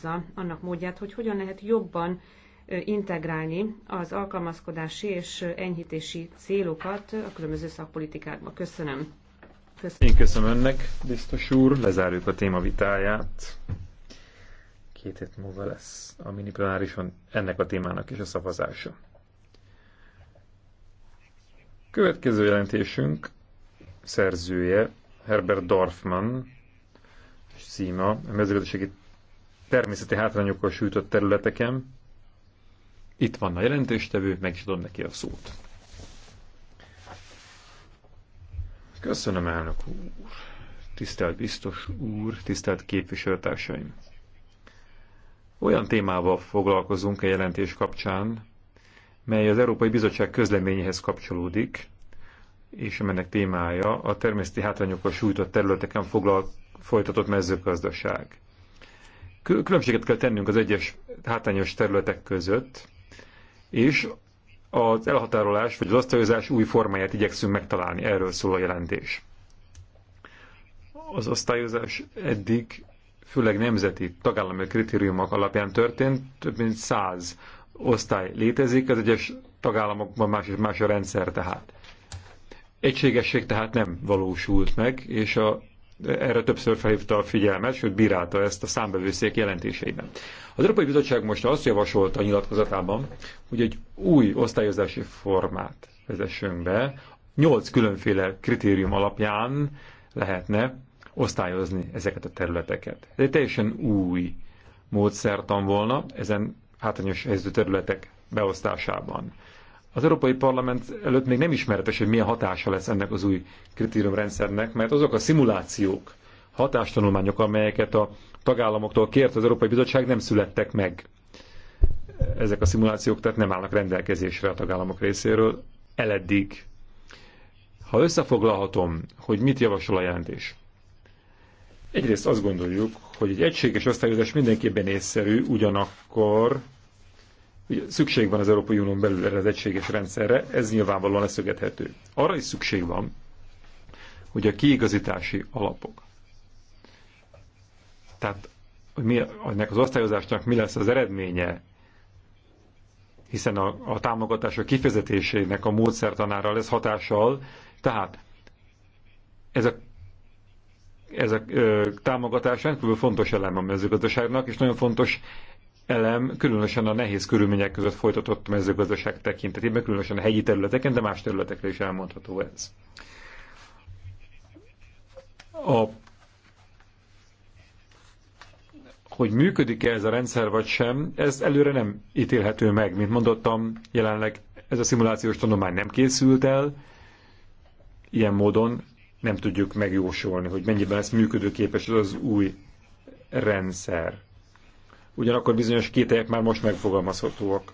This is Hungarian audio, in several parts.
vissza annak módját, hogy hogyan lehet jobban integrálni az alkalmazkodási és enyhítési célokat a különböző szakpolitikákba. Köszönöm. köszönöm. Én köszönöm önnek, biztos úr. Lezárjuk a téma vitáját. Két hét múlva lesz a miniplenárison ennek a témának is a szavazása. Következő jelentésünk szerzője Herbert Dorfman, és címa, a mezőgazdasági természeti hátrányokkal sújtott területeken. Itt van a jelentéstevő, meg is adom neki a szót. Köszönöm, elnök úr. Tisztelt biztos úr, tisztelt képviselőtársaim. Olyan témával foglalkozunk a jelentés kapcsán, mely az Európai Bizottság közleményéhez kapcsolódik, és amennek témája a természeti hátrányokkal sújtott területeken foglal, folytatott mezőgazdaság különbséget kell tennünk az egyes hátrányos területek között, és az elhatárolás vagy az osztályozás új formáját igyekszünk megtalálni, erről szól a jelentés. Az osztályozás eddig főleg nemzeti tagállami kritériumok alapján történt, több mint száz osztály létezik, az egyes tagállamokban más és más a rendszer tehát. Egységesség tehát nem valósult meg, és a erre többször felhívta a figyelmet, sőt bírálta ezt a számbevőszék jelentéseiben. Az Európai Bizottság most azt javasolta a nyilatkozatában, hogy egy új osztályozási formát vezessünk be, nyolc különféle kritérium alapján lehetne osztályozni ezeket a területeket. Ez egy teljesen új módszertan volna ezen hátrányos helyzetű területek beosztásában. Az Európai Parlament előtt még nem ismeretes, hogy milyen hatása lesz ennek az új kritériumrendszernek, mert azok a szimulációk, hatástanulmányok, amelyeket a tagállamoktól kért az Európai Bizottság, nem születtek meg. Ezek a szimulációk tehát nem állnak rendelkezésre a tagállamok részéről eleddig. Ha összefoglalhatom, hogy mit javasol a jelentés. Egyrészt azt gondoljuk, hogy egy egységes osztályozás mindenképpen észszerű, ugyanakkor Ugye szükség van az Európai Unión belül erre az egységes rendszerre, ez nyilvánvalóan leszögethető. Arra is szükség van, hogy a kiigazítási alapok, tehát hogy mi, ennek az osztályozásnak mi lesz az eredménye, hiszen a, a támogatások kifizetésének a módszertanára lesz hatással, tehát ez a ez a ö, támogatás rendkívül fontos eleme a mezőgazdaságnak, és nagyon fontos elem, különösen a nehéz körülmények között folytatott mezőgazdaság tekintetében, különösen a hegyi területeken, de más területekre is elmondható ez. A hogy működik-e ez a rendszer vagy sem, ez előre nem ítélhető meg. Mint mondottam, jelenleg ez a szimulációs tanulmány nem készült el, ilyen módon nem tudjuk megjósolni, hogy mennyiben lesz működőképes az, az új rendszer ugyanakkor bizonyos kételyek már most megfogalmazhatóak.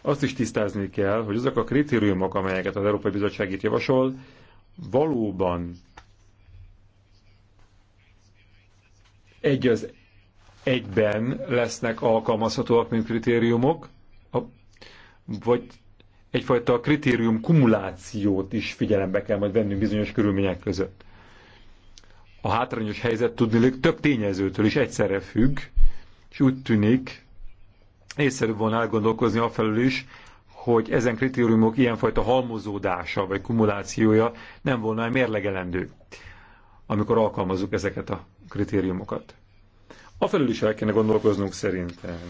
Azt is tisztázni kell, hogy azok a kritériumok, amelyeket az Európai Bizottság itt javasol, valóban egy az egyben lesznek alkalmazhatóak, mint kritériumok, vagy egyfajta kritérium kumulációt is figyelembe kell majd vennünk bizonyos körülmények között. A hátrányos helyzet tudnilik több tényezőtől is egyszerre függ, és úgy tűnik, észszerű volna elgondolkozni afelől is, hogy ezen kritériumok ilyenfajta halmozódása vagy kumulációja nem volna mérlegelendő, amikor alkalmazzuk ezeket a kritériumokat. Afelől is el kéne gondolkoznunk szerintem,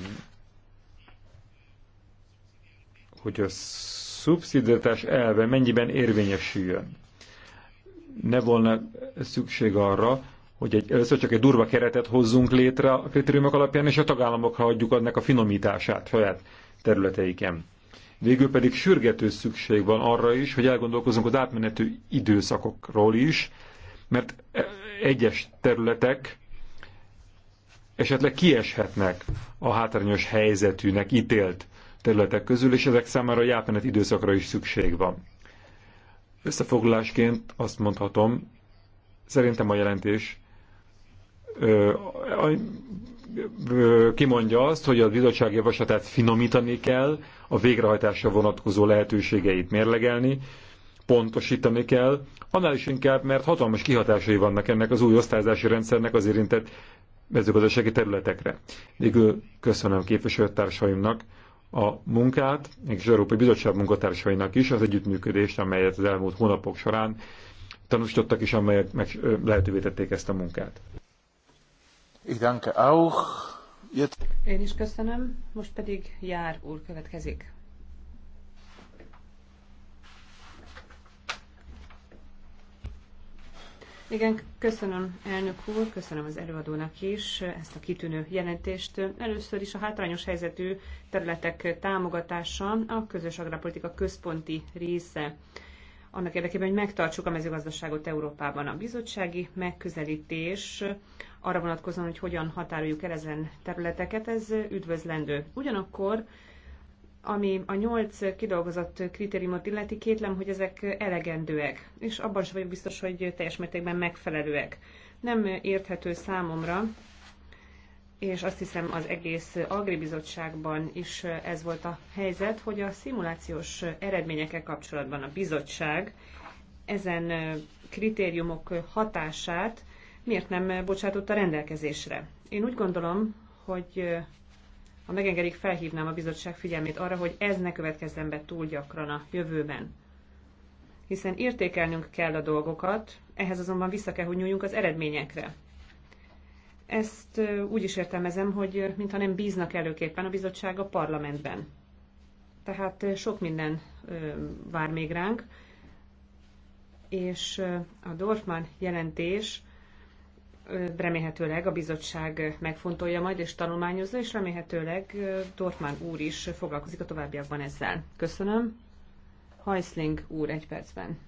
hogy a szubszidiatás elve mennyiben érvényesüljön. Ne volna szükség arra, hogy egy, először csak egy durva keretet hozzunk létre a kritériumok alapján, és a tagállamokra adjuk annak a finomítását saját területeiken. Végül pedig sürgető szükség van arra is, hogy elgondolkozunk az átmenető időszakokról is, mert e, egyes területek esetleg kieshetnek a hátrányos helyzetűnek ítélt területek közül, és ezek számára a játmenet időszakra is szükség van. Összefoglalásként azt mondhatom, szerintem a jelentés kimondja azt, hogy a bizottság javaslatát finomítani kell, a végrehajtásra vonatkozó lehetőségeit mérlegelni, pontosítani kell, annál is inkább, mert hatalmas kihatásai vannak ennek az új osztályzási rendszernek az érintett mezőgazdasági területekre. Végül köszönöm képviselőtársaimnak a munkát, és az Európai Bizottság munkatársainak is az együttműködést, amelyet az elmúlt hónapok során tanúsítottak, is amelyek meg lehetővé tették ezt a munkát. Ich danke auch. Jetzt... Én is köszönöm. Most pedig Jár úr következik. Igen, köszönöm elnök úr, köszönöm az előadónak is ezt a kitűnő jelentést. Először is a hátrányos helyzetű területek támogatása a közös agrárpolitika központi része annak érdekében, hogy megtartsuk a mezőgazdaságot Európában. A bizottsági megközelítés arra vonatkozóan, hogy hogyan határoljuk el ezen területeket, ez üdvözlendő. Ugyanakkor ami a nyolc kidolgozott kritériumot illeti, kétlem, hogy ezek elegendőek, és abban sem vagyok biztos, hogy teljes mértékben megfelelőek. Nem érthető számomra, és azt hiszem az egész Agribizottságban is ez volt a helyzet, hogy a szimulációs eredményekkel kapcsolatban a bizottság ezen kritériumok hatását miért nem bocsátotta rendelkezésre. Én úgy gondolom, hogy ha megengedik, felhívnám a bizottság figyelmét arra, hogy ez ne következzen be túl gyakran a jövőben. Hiszen értékelnünk kell a dolgokat, ehhez azonban vissza kell, hogy nyúljunk az eredményekre. Ezt úgy is értelmezem, hogy mintha nem bíznak előképpen a bizottság a parlamentben. Tehát sok minden vár még ránk, és a Dorfman jelentés remélhetőleg a bizottság megfontolja majd és tanulmányozza, és remélhetőleg Dortmán úr is foglalkozik a továbbiakban ezzel. Köszönöm. Heisling úr egy percben.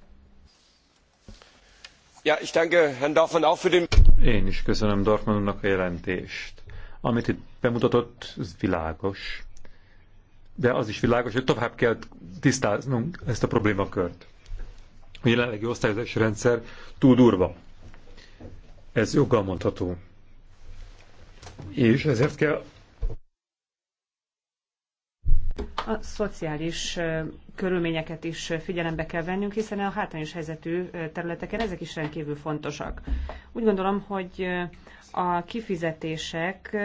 Ja, ich danke Herrn Dorfmann auch für den... Én is köszönöm Dortmundnak a jelentést. Amit itt bemutatott, ez világos. De az is világos, hogy tovább kell tisztáznunk ezt a problémakört. A jelenlegi osztályozási rendszer túl durva. Ez joggal mondható. És ezért kell a szociális körülményeket is figyelembe kell vennünk, hiszen a hátrányos helyzetű területeken ezek is rendkívül fontosak. Úgy gondolom, hogy a kifizetések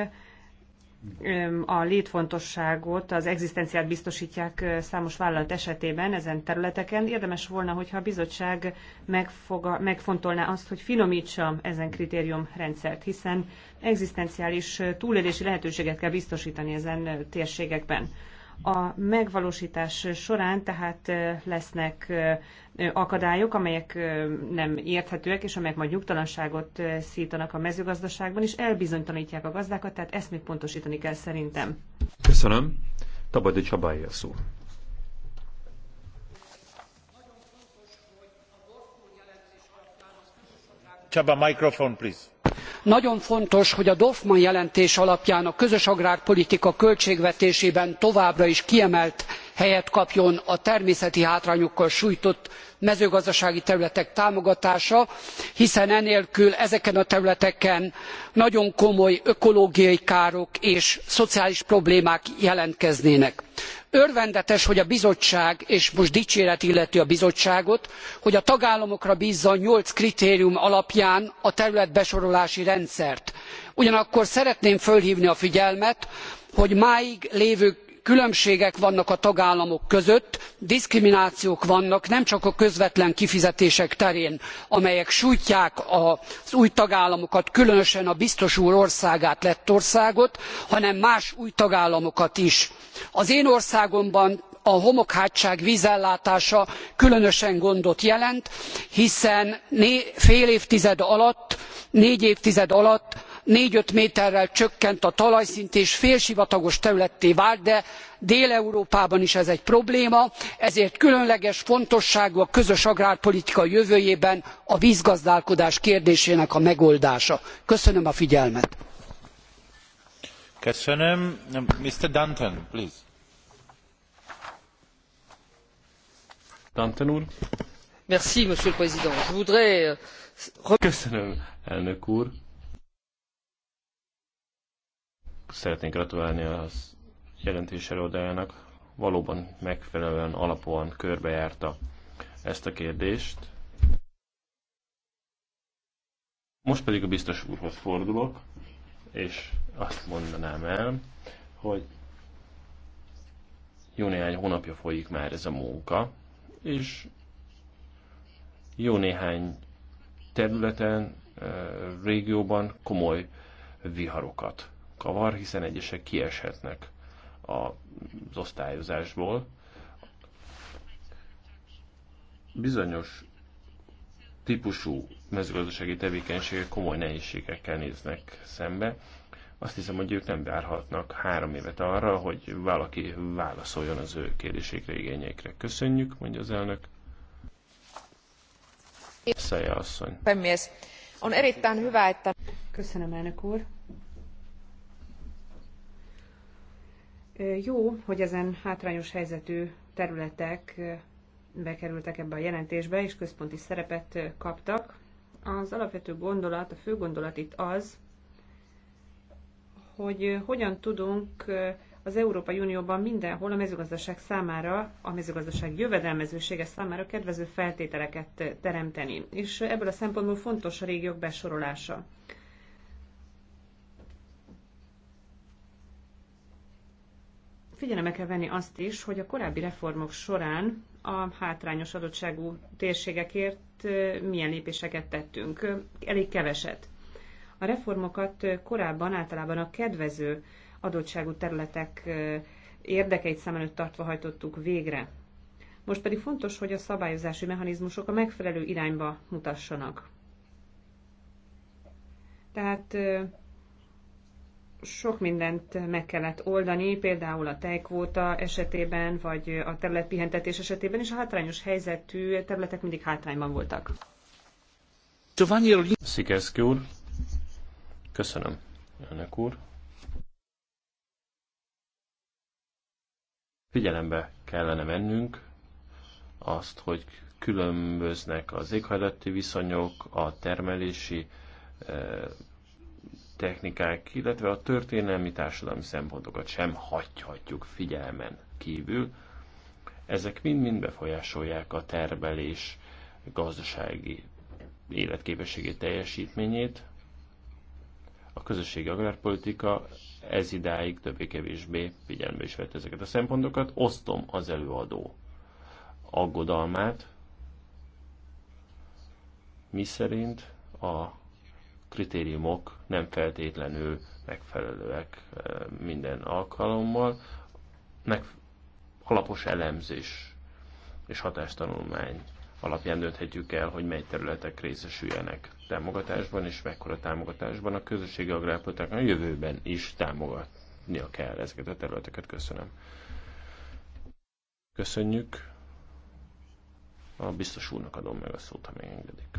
a létfontosságot, az egzisztenciát biztosítják számos vállalat esetében ezen területeken. Érdemes volna, hogyha a bizottság megfoga, megfontolná azt, hogy finomítsa ezen kritériumrendszert, hiszen egzisztenciális túlélési lehetőséget kell biztosítani ezen térségekben. A megvalósítás során tehát lesznek akadályok, amelyek nem érthetőek, és amelyek majd nyugtalanságot szítanak a mezőgazdaságban, és elbizonytalanítják a gazdákat, tehát ezt még pontosítani kell szerintem. Köszönöm. Tabadi Csabály a szó. Csaba, microphone, please nagyon fontos hogy a dorfmann jelentés alapján a közös agrárpolitika költségvetésében továbbra is kiemelt helyet kapjon a természeti hátrányokkal sújtott mezőgazdasági területek támogatása hiszen enélkül ezeken a területeken nagyon komoly ökológiai károk és szociális problémák jelentkeznének. örvendetes hogy a bizottság és most dicséret illeti a bizottságot hogy a tagállamokra bzza nyolc kritérium alapján a területbesorolási rendszert ugyanakkor szeretném fölhvni a figyelmet hogy máig lévő különbségek vannak a tagállamok között diszkriminációk vannak nemcsak a közvetlen kifizetések terén amelyek sújtják az új tagállamokat különösen a biztos úr országát lettországot hanem más új tagállamokat is. az én országomban a homokhátság vzellátása különösen gondot jelent hiszen fél évtized alatt négy évtized alatt four five méterrel csökkent a talajszint és félsivatagos területté vált de dél európában is ez egy probléma ezért különleges fontosságú a közös agrárpolitika jövőjében a vzgazdálkodás kérdésének a megoldása. köszönöm a figyelmet. Köszönöm. Mr. Danton, please. Danton úr. Merci, Monsieur le Président. Euh, köszönöm, szeretnék gratulálni az jelentés előadájának. Valóban megfelelően alapon körbejárta ezt a kérdést. Most pedig a biztos úrhoz fordulok, és azt mondanám el, hogy jó néhány hónapja folyik már ez a munka, és jó néhány területen, eh, régióban komoly viharokat kavar, hiszen egyesek kieshetnek az osztályozásból. Bizonyos típusú mezőgazdasági tevékenységek komoly nehézségekkel néznek szembe. Azt hiszem, hogy ők nem várhatnak három évet arra, hogy valaki válaszoljon az ő kérdésékre, igényeikre. Köszönjük, mondja az elnök. Szeje asszony. Köszönöm, elnök úr Jó, hogy ezen hátrányos helyzetű területek bekerültek ebbe a jelentésbe, és központi szerepet kaptak. Az alapvető gondolat, a fő gondolat itt az, hogy hogyan tudunk az Európai Unióban mindenhol a mezőgazdaság számára, a mezőgazdaság jövedelmezősége számára kedvező feltételeket teremteni. És ebből a szempontból fontos a régiók besorolása. figyelembe kell venni azt is, hogy a korábbi reformok során a hátrányos adottságú térségekért milyen lépéseket tettünk. Elég keveset. A reformokat korábban általában a kedvező adottságú területek érdekeit szem előtt tartva hajtottuk végre. Most pedig fontos, hogy a szabályozási mechanizmusok a megfelelő irányba mutassanak. Tehát sok mindent meg kellett oldani, például a tejkvóta esetében, vagy a területpihentetés esetében, és a hátrányos helyzetű területek mindig hátrányban voltak. Szikerszki úr, köszönöm, önök úr. Figyelembe kellene mennünk azt, hogy különböznek az éghajlati viszonyok, a termelési eh, technikák, illetve a történelmi társadalmi szempontokat sem hagyhatjuk figyelmen kívül. Ezek mind-mind befolyásolják a termelés gazdasági életképességét, teljesítményét. A közösségi agrárpolitika ez idáig többé-kevésbé figyelme is vett ezeket a szempontokat. Osztom az előadó aggodalmát, mi szerint a kritériumok nem feltétlenül megfelelőek eh, minden alkalommal. Meg alapos elemzés és hatástanulmány alapján dönthetjük el, hogy mely területek részesüljenek támogatásban, és mekkora támogatásban a közösségi agrárpolitikának a jövőben is támogatnia kell ezeket a területeket. Köszönöm. Köszönjük. A biztos úrnak adom meg a szót, ha még engedik.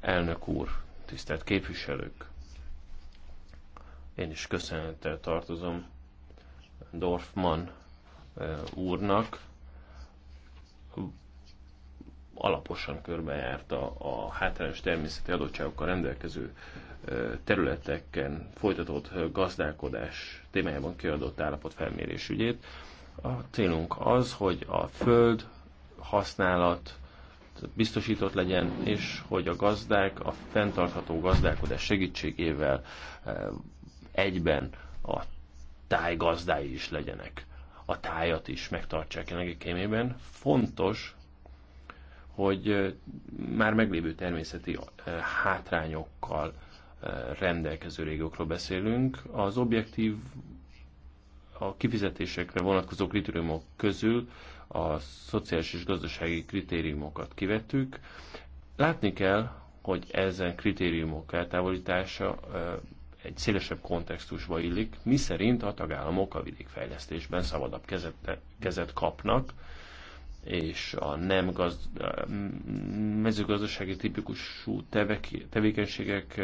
Elnök úr, tisztelt képviselők! Én is köszönettel tartozom Dorfman úrnak. Alaposan körbejárta a hátrányos természeti adottságokkal rendelkező területeken folytatott gazdálkodás témájában kiadott állapotfelmérés ügyét. A célunk az, hogy a föld használat, biztosított legyen, és hogy a gazdák a fenntartható gazdálkodás segítségével eh, egyben a táj gazdái is legyenek. A tájat is megtartsák ennek a kémében. Fontos, hogy eh, már meglévő természeti eh, hátrányokkal rendelkező régiókról beszélünk. Az objektív a kifizetésekre vonatkozó kritériumok közül a szociális és gazdasági kritériumokat kivettük. Látni kell, hogy ezen kritériumok eltávolítása egy szélesebb kontextusba illik, mi szerint a tagállamok a vidékfejlesztésben szabadabb kezet, kezet kapnak, és a nem gazd, mezőgazdasági tipikusú tevek, tevékenységek,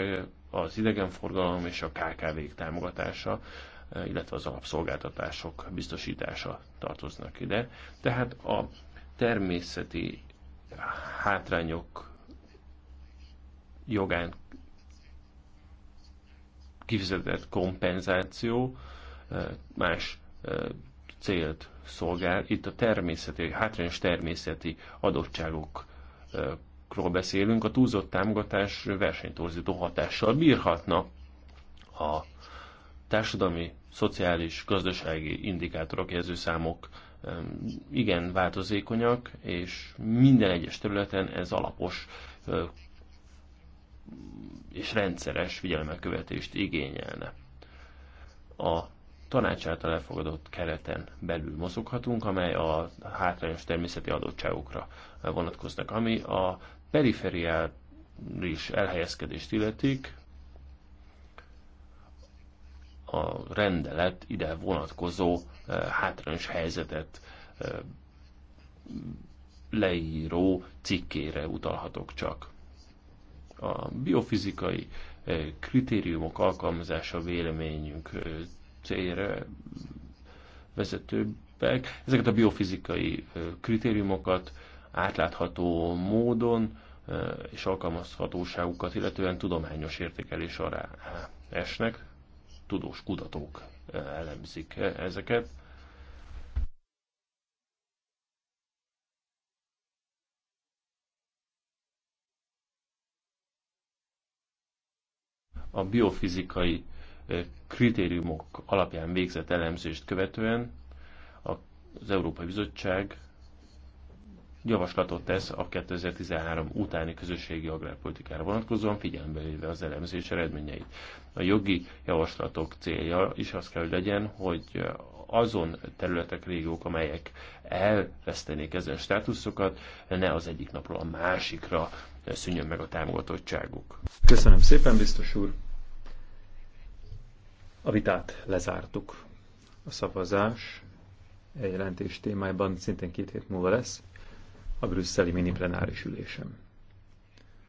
az idegenforgalom és a KKV-k támogatása Eh, illetve az alapszolgáltatások biztosítása tartoznak ide. Tehát a természeti hátrányok jogán kifizetett kompenzáció eh, más eh, célt szolgál. Itt a természeti, hátrányos természeti adottságokról beszélünk. A túlzott támogatás versenytorzító hatással bírhatna a társadalmi szociális, gazdasági indikátorok, jelzőszámok igen változékonyak, és minden egyes területen ez alapos és rendszeres figyelmekövetést igényelne. A tanács által elfogadott kereten belül mozoghatunk, amely a hátrányos természeti adottságokra vonatkoznak, ami a perifériális elhelyezkedést illetik, a rendelet ide vonatkozó eh, hátrányos helyzetet eh, leíró cikkére utalhatok csak. A biofizikai eh, kritériumok alkalmazása véleményünk célra vezetőbbek. Ezeket a biofizikai kritériumokat átlátható módon és alkalmazhatóságukat, illetően tudományos értékelés alá esnek tudós kutatók eh, elemzik eh, ezeket. A biofizikai eh, kritériumok alapján végzett elemzést követően az Európai Bizottság javaslatot tesz a 2013 utáni közösségi agrárpolitikára vonatkozóan, figyelembe véve az elemzés eredményeit. A jogi javaslatok célja is az kell, hogy legyen, hogy azon területek, régiók, amelyek elvesztenék ezen státuszokat, ne az egyik napról a másikra szűnjön meg a támogatottságuk. Köszönöm szépen, biztos úr! A vitát lezártuk. A szavazás egy jelentés témájában szintén két hét múlva lesz a brüsszeli mini plenáris ülésem.